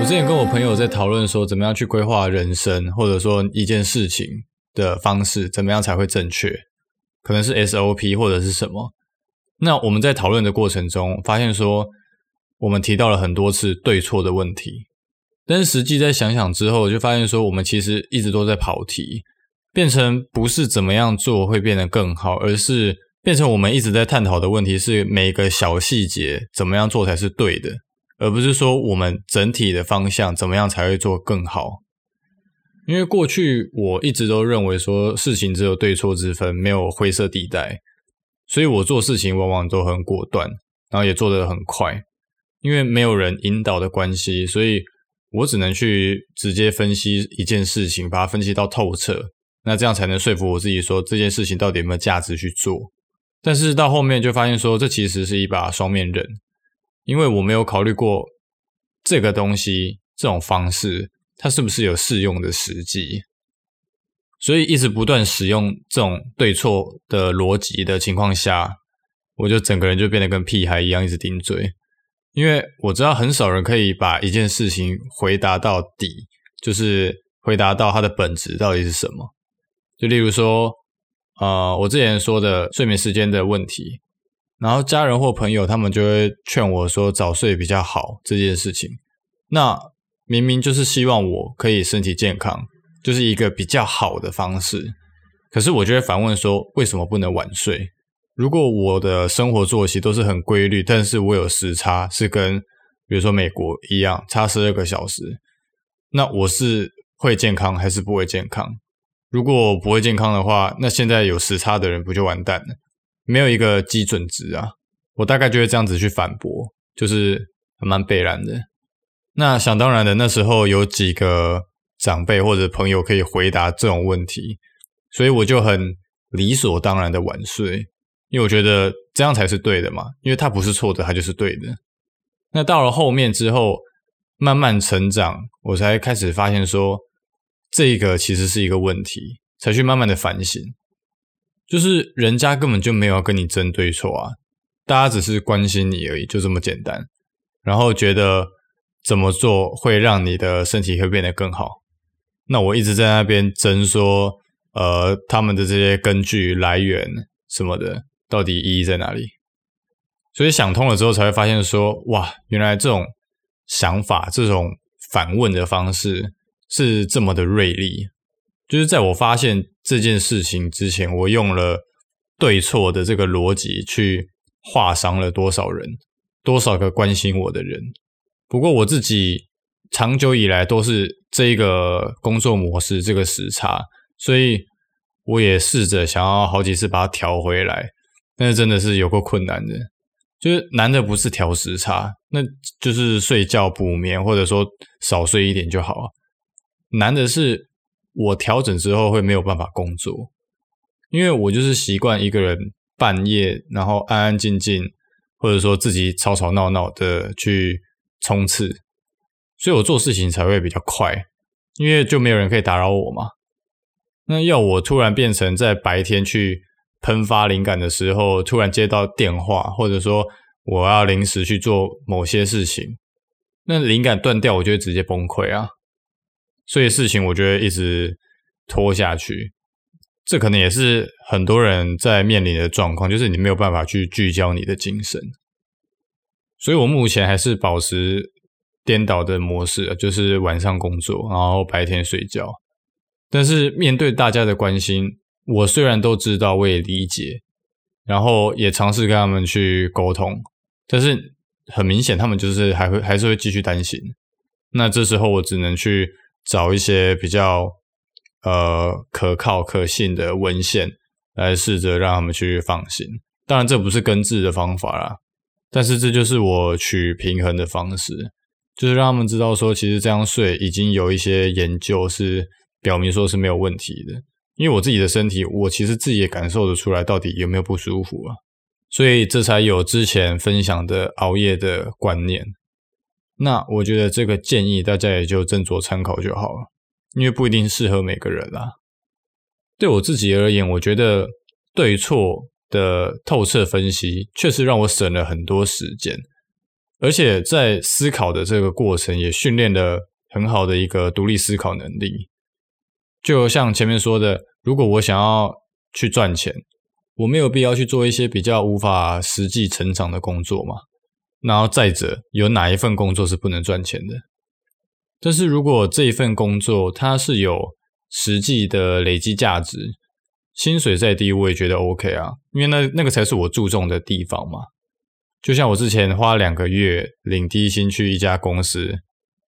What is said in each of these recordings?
我之前跟我朋友在討論說，怎麼樣去規劃人生，或者說一件事情的方式，怎麼樣才會正確，可能是 SOP 或者是什麼。那我們在討論的過程中，發現說，我們提到了很多次對錯的問題，但是實際在想想之後，就發現說，我們其實一直都在跑題。變成不是怎麼樣做會變得更好，而是變成我們一直在探討的問題是每個小細節怎麼樣做才是對的，而不是說我們整體的方向怎麼樣才會做更好。因為過去我一直都認為說，事情只有對錯之分，沒有灰色地帶，所以我做事情往往都很果斷，然後也做得很快，因為沒有人引導的關係，所以我只能去直接分析一件事情，把它分析到透徹。那這樣才能說服我自己說這件事情到底有沒有價值去做。但是到後面就發現說，這其實是一把雙面刃，因為我沒有考慮過這個東西這種方式它是不是有適用的時機。所以一直不斷使用這種對錯的邏輯的情況下，我就整個人就變得跟屁孩一樣一直頂嘴，因為我知道很少人可以把一件事情回答到底，就是回答到它的本質到底是什麼。就例如說，呃，我之前說的睡眠時間的問題，然後家人或朋友他們就會勸我說早睡比較好這件事情，那明明就是希望我可以身體健康，就是一個比較好的方式。可是我就會反問說，為什麼不能晚睡？如果我的生活作息都是很規律，但是我有時差是跟比如說美國一樣差十二個小時，那我是會健康還是不會健康？如果我不會健康的話，那現在有時差的人不就完蛋了？沒有一個基準值，啊！我大概就會這樣子去反駁，就是蠻必然的。那想當然的，那時候有幾個長輩或者朋友可以回答這種問題？所以我就很理所當然的晚睡，因為我覺得這樣才是對的嘛，因為他不是錯的，他就是對的。那到了後面之後，慢慢成長，我才開始發現說。這個其實是一個問題，才去慢慢的反省，就是人家根本就沒有跟你爭對錯啊，大家只是關心你而已，就這麼簡單。然後覺得怎麼做會讓你的身體會不會變得更好，那我一直在那邊爭說，呃，他們的這些根據來源什麼的，到底意義在哪裡？所以想通了之後，才會發現說，哇，原來這種想法，這種反問的方式。是這麼的銳利，就是在我發現這件事情之前，我用了對錯的這個邏輯去劃傷了多少人，多少個關心我的人。不過我自己長久以來都是這一個工作模式，這個時差，所以我也試着想要好幾次把它調回來，但是真的是有夠困難的。就是難的不是調時差，那就是睡覺補眠，或者說少睡一點就好了。難的是，我調整之後會沒有辦法工作，因為我就是習慣一個人半夜，然後安安靜靜，或者說自己吵吵鬧鬧的去衝刺，所以我做事情才會比較快，因為就沒有人可以打擾我嘛。那要我突然變成在白天去噴發靈感的時候，突然接到電話，或者說我要臨時去做某些事情，那靈感斷掉，我就會直接崩潰啊。所以事情我覺得一直拖下去，這可能也是很多人在面臨的狀況，就是你沒有辦法去聚焦你的精神。所以我目前還是保持顛倒的模式，就是晚上工作，然後白天睡覺。但是面對大家的關心，我雖然都知道，我也理解，然後也嘗試跟他們去溝通，但是很明顯他們就是還會還是會繼續擔心。那這時候我只能去，找一些比較呃可靠、可信的文獻來試着讓他們去放心。當然，這不是根治的方法啦，但是這就是我取平衡的方式，就是讓他們知道說，其實這樣睡已經有一些研究是表明說是沒有問題的。因為我自己的身體，我其實自己也感受得出來到底有沒有不舒服啊。所以這才有之前分享的熬夜的觀念。那我覺得這個建議大家也就斟酌參考就好了，因為不一定適合每個人啦。對我自己而言，我覺得對錯的透徹分析確實讓我省了很多時間，而且在思考的這個過程也訓練了很好的一個獨立思考能力。就像前面說的，如果我想要去賺錢，我沒有必要去做一些比較無法實際成長的工作嘛。然後再者，有哪一份工作是不能賺錢的？但是如果這一份工作它是有實際的累積價值，薪水再低我也覺得 OK 啊，因為那那個才是我注重的地方嘛。就像我之前花兩個月領低薪去一家公司，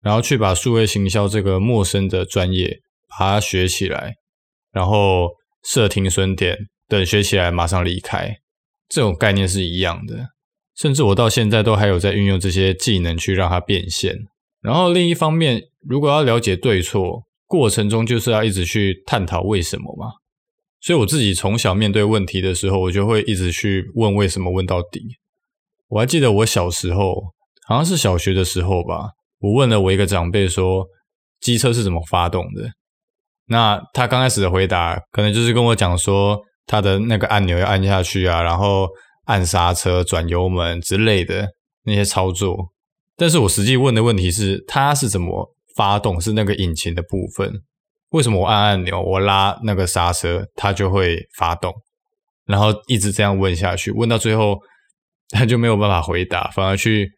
然後去把數位行銷這個陌生的專業把它學起來，然後設停損點，等學起來馬上離開，這種概念是一樣的。甚至我到現在都還有在運用這些技能去讓它變現。然後另一方面，如果要了解對錯，過程中就是要一直去探討為什麼嘛。所以我自己從小面對問題的時候，我就會一直去問為什麼，問到底。我還記得我小時候，好像是小學的時候吧，我問了我一個長輩說，機車是怎麼發動的？那他剛開始的回答可能就是跟我講說，他的那個按鈕要按下去啊，然後。按剎車、轉油門之類的那些操作，但是我實際問的問題是，它是怎麼發動？是那個引擎的部分。為什麼我按按鈕，我拉那個剎車，它就會發動？然後一直這樣問下去，問到最後，他就沒有辦法回答，反而去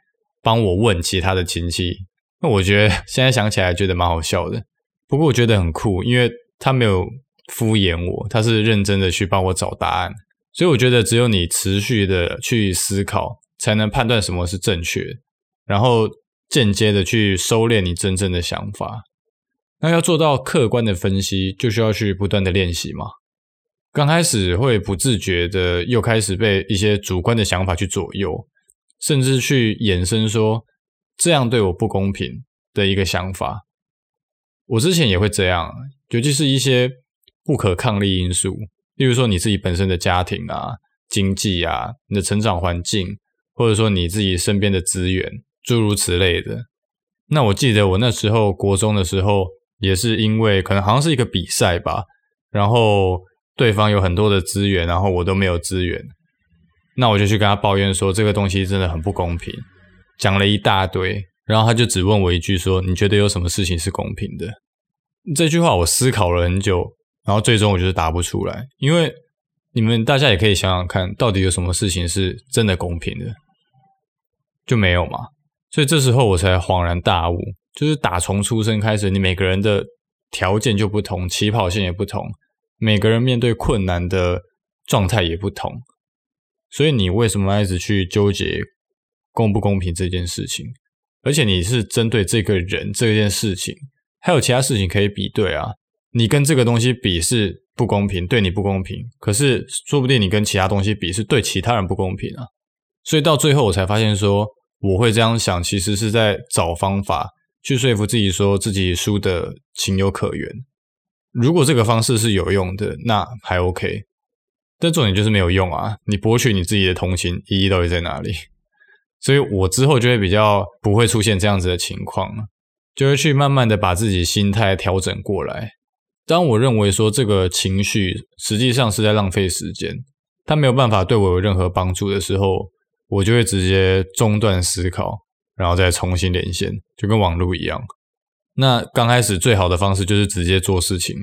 幫我問其他的親戚。那我覺得現在想起來覺得蠻好笑的，不過我覺得很酷，因為他沒有敷衍我，他是認真的去幫我找答案。所以我覺得，只有你持續的去思考，才能判斷什麼是正確，然後間接的去收斂你真正的想法。那要做到客觀的分析，就需要去不斷的練習嘛。剛開始會不自覺的又開始被一些主觀的想法去左右，甚至去衍生說這樣對我不公平的一個想法。我之前也會這樣，尤其是一些不可抗力因素。例如說你自己本身的家庭啊、經濟啊、你的成長環境，或者說你自己身邊的資源，諸如此類的。那我記得我那時候國中的時候，也是因為可能好像是一個比賽吧，然後對方有很多的資源，然後我都沒有資源，那我就去跟他抱怨說這個東西真的很不公平，講了一大堆，然後他就只問我一句說：“你覺得有什麼事情是公平的？”這句話我思考了很久。然後最終我就是答不出來，因為你們大家也可以想想看，到底有什麼事情是真的公平的，就沒有嘛？所以這時候我才恍然大悟，就是打從出生開始，你每個人的條件就不同，起跑線也不同，每個人面對困難的狀態也不同，所以你為什麼要一直去糾結公不公平這件事情？而且你是針對這個人這件事情，還有其他事情可以比對啊。你跟這個東西比是不公平，對你不公平。可是說不定你跟其他東西比是對其他人不公平啊。所以到最後我才發現，說我會這樣想，其實是在找方法去說服自己，說自己輸得情有可原。如果這個方式是有用的，那還 OK。但重點就是沒有用啊！你博取你自己的同情意義到底在哪裡？所以我之後就會比較不會出現這樣子的情況了，就會去慢慢的把自己心態調整過來。當我認為說這個情緒實際上是在浪費時間，它沒有辦法對我有任何幫助的時候，我就會直接中斷思考，然後再重新連線，就跟網絡一樣。那剛開始最好的方式就是直接做事情，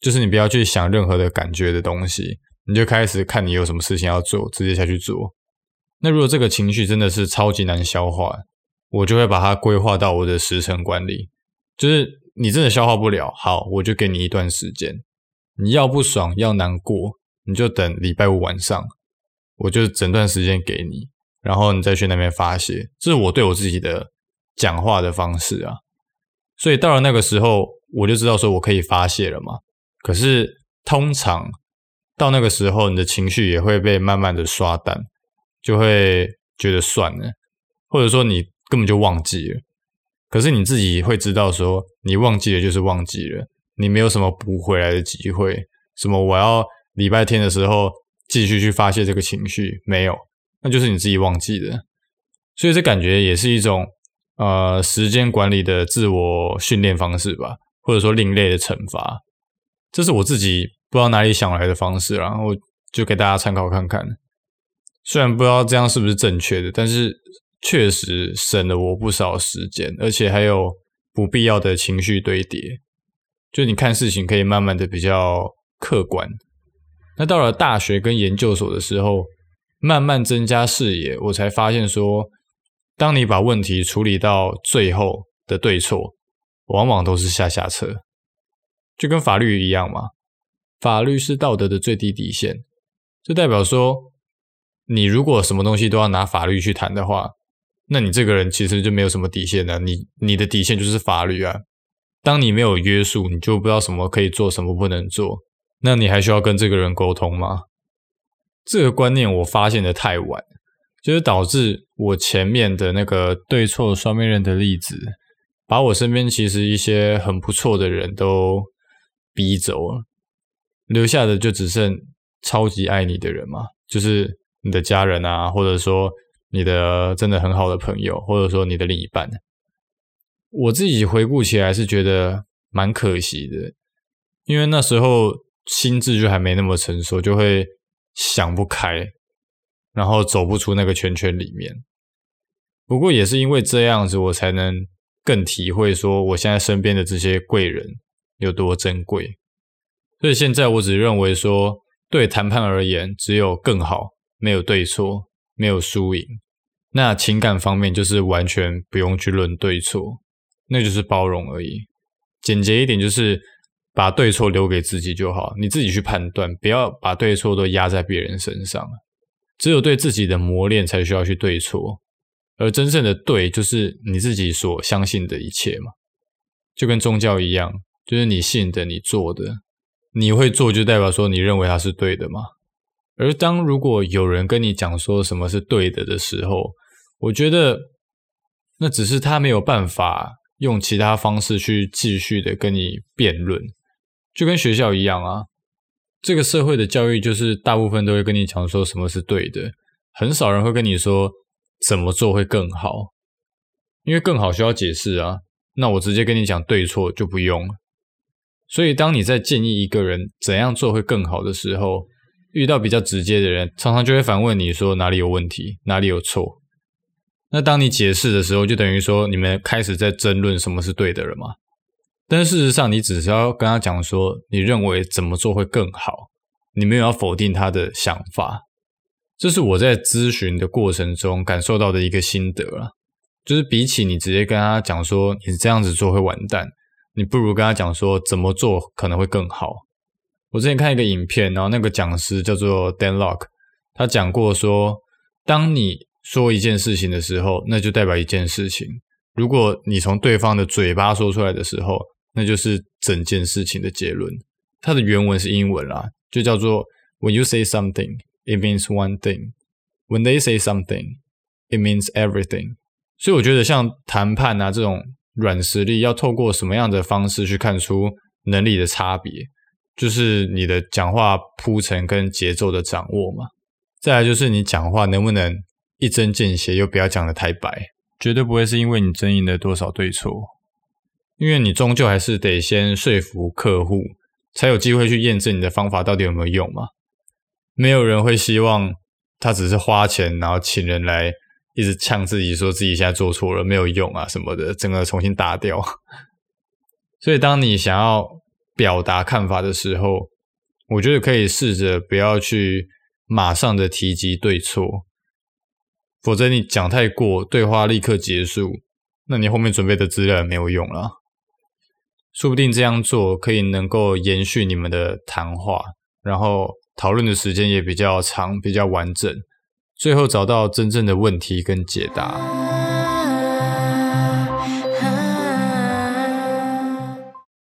就是你不要去想任何的感覺的東西，你就開始看你有什麼事情要做，直接下去做。那如果這個情緒真的是超級難消化，我就會把它規劃到我的時程管理，就是。你真的消化不了，好，我就給你一段時間。你要不爽，要難過，你就等禮拜五晚上，我就整段時間給你，然後你再去那邊發洩。這是我對我自己的講話的方式啊。所以到了那個時候，我就知道說我可以發洩了嘛。可是通常到那個時候，你的情緒也會被慢慢的刷淡，就會覺得算了，或者說你根本就忘記了。可是你自己會知道，說你忘記了就是忘記了，你沒有什麼補回來的機會。什麼我要禮拜天的時候繼續去發洩這個情緒？沒有，那就是你自己忘記的。所以這感覺也是一種呃時間管理的自我訓練方式吧，或者說另類的懲罰。這是我自己不知道哪裡想來的方式，然後就給大家參考看看。雖然不知道這樣是不是正確的，但是。確實省了我不少時間，而且還有不必要的情緒堆疊。就你看事情可以慢慢的比較客觀。那到了大學跟研究所的時候，慢慢增加視野，我才發現說，當你把問題處理到最後的對錯，往往都是下下策。就跟法律一樣嘛，法律是道德的最低底線，就代表說，你如果什麼東西都要拿法律去談的話。那你這個人其實就沒有什麼底線的。啊，你你的底線就是法律啊。當你沒有約束，你就不知道什麼可以做，什麼不能做。那你還需要跟這個人溝通嗎？這個觀念我發現的太晚，就是導致我前面的那個對錯雙面刃的例子，把我身邊其實一些很不錯的人都逼走了，留下的就只剩超級愛你的人嘛，就是你的家人啊，或者說。你的真的很好的朋友，或者說你的另一半，我自己回顧起來是覺得蠻可惜的，因為那時候心智就還沒那麼成熟，就會想不開，然後走不出那個圈圈裡面。不過也是因為這樣子，我才能更體會說我現在身邊的這些貴人有多珍貴。所以現在我只認為說，對談判而言，只有更好，沒有對錯。沒有輸贏，那情感方面就是完全不用去論對錯，那就是包容而已。簡潔一點就是把對錯留給自己就好，你自己去判斷，不要把對錯都壓在別人身上。只有對自己的磨練才需要去對錯，而真正的對就是你自己所相信的一切嘛，就跟宗教一樣，就是你信的、你做的，你會做就代表說你認為它是對的嘛。而當如果有人跟你講說什麼是對的的時候，我覺得那只是他沒有辦法用其他方式去繼續的跟你辯論，就跟學校一樣啊。這個社會的教育就是大部分都會跟你講說什麼是對的，很少人會跟你說怎麼做會更好，因為更好需要解釋啊。那我直接跟你講對錯就不用了。所以當你在建議一個人怎樣做會更好的時候，遇到比較直接的人，常常就會反問你說哪裡有問題，哪裡有錯。那當你解釋的時候，就等於說你們開始在爭論什麼是對的了嘛。但是事實上，你只是要跟他講說你認為怎麼做會更好，你沒有要否定他的想法。這是我在諮詢的過程中感受到的一個心得啊，就是比起你直接跟他講說你這樣子做會完蛋，你不如跟他講說怎麼做可能會更好。我之前看一個影片，然後那個講師叫做 Dan Locke，他講過說，當你說一件事情的時候，那就代表一件事情。如果你從對方的嘴巴說出來的時候，那就是整件事情的結論。他的原文是英文啦，就叫做 "When you say something, it means one thing. When they say something, it means everything." 所以我覺得像談判啊這種軟實力，要透過什麼樣的方式去看出能力的差別？就是你的講話鋪陳跟節奏的掌握嘛，再來就是你講話能不能一針見血，又不要講得太白，絕對不會是因為你爭贏了多少對錯，因為你終究還是得先說服客戶，才有機會去驗證你的方法到底有沒有用嘛。沒有人會希望他只是花錢，然後請人來一直嗆自己，說自己現在做錯了沒有用啊什麼的，整個重新打掉。所以當你想要表達看法的時候，我覺得可以試着不要去馬上的提及對錯，否則你講太過，對話立刻結束，那你後面準備的資料也沒有用了。說不定這樣做可以能夠延續你們的談話，然後討論的時間也比較長，比較完整，最後找到真正的問題跟解答。